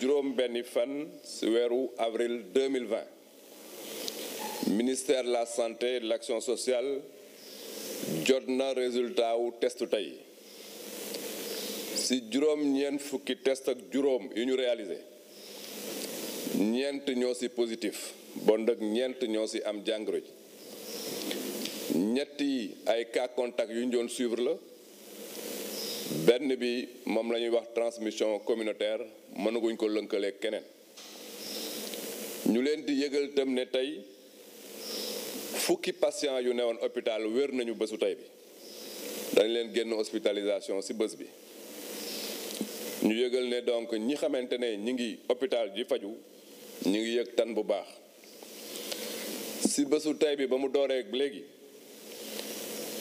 Jérôme Benifan, juróom benni fan si avril 2020 ministère de la santé et de l'action sociale jot résultat test testu taille. si juróom ñeent fukki test ak juróom yu ñu réaliser ñent ñoo si positif bon nag ñeent ñoo si am n'y a ñetti ay cas contact yu ñu suivre la benn bi moom la ñuy wax transmission communautaire mënaguñ ko lënkalee keneen ñu leen di yëgal tam ne tey fukki patient yu newoon hôpital wér nañu bésu tey bi dañ leen génn hospitalisation ci bés bi ñu yëgal ne donc ñi xamante ne ñi ngi hôpital di faju ñi ngi yëg tan bu baax ci bésu tey bi ba mu dooree léegi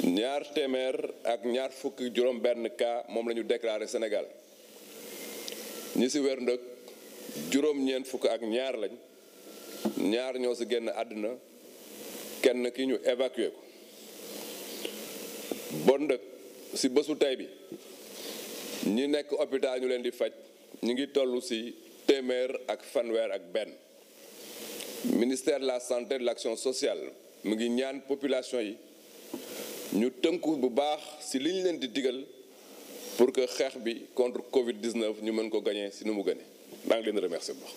ñaar téeméer ak ñaar fukk juróom benn cas moom la ñu déclaré Sénégal ñi ci wér ndëg juróom-ñeent fukk ak ñaar lañ ñaar ñoo ci génn àdduna kenn ki ñu évacué ko bon ndëg ci bésu tey bi ñi nekk hôpital ñu leen di faj ñu ngi tollu ci téeméer ak fanweer ak benn ministère de la santé de l'action sociale mu ngi ñaan population yi ñu tënku bu baax ci li ñu leen di digal pour que xeex bi contre Covid 19 ñu mën ko gagner ci nu mu gënee maa ngi leen remercier bu baax.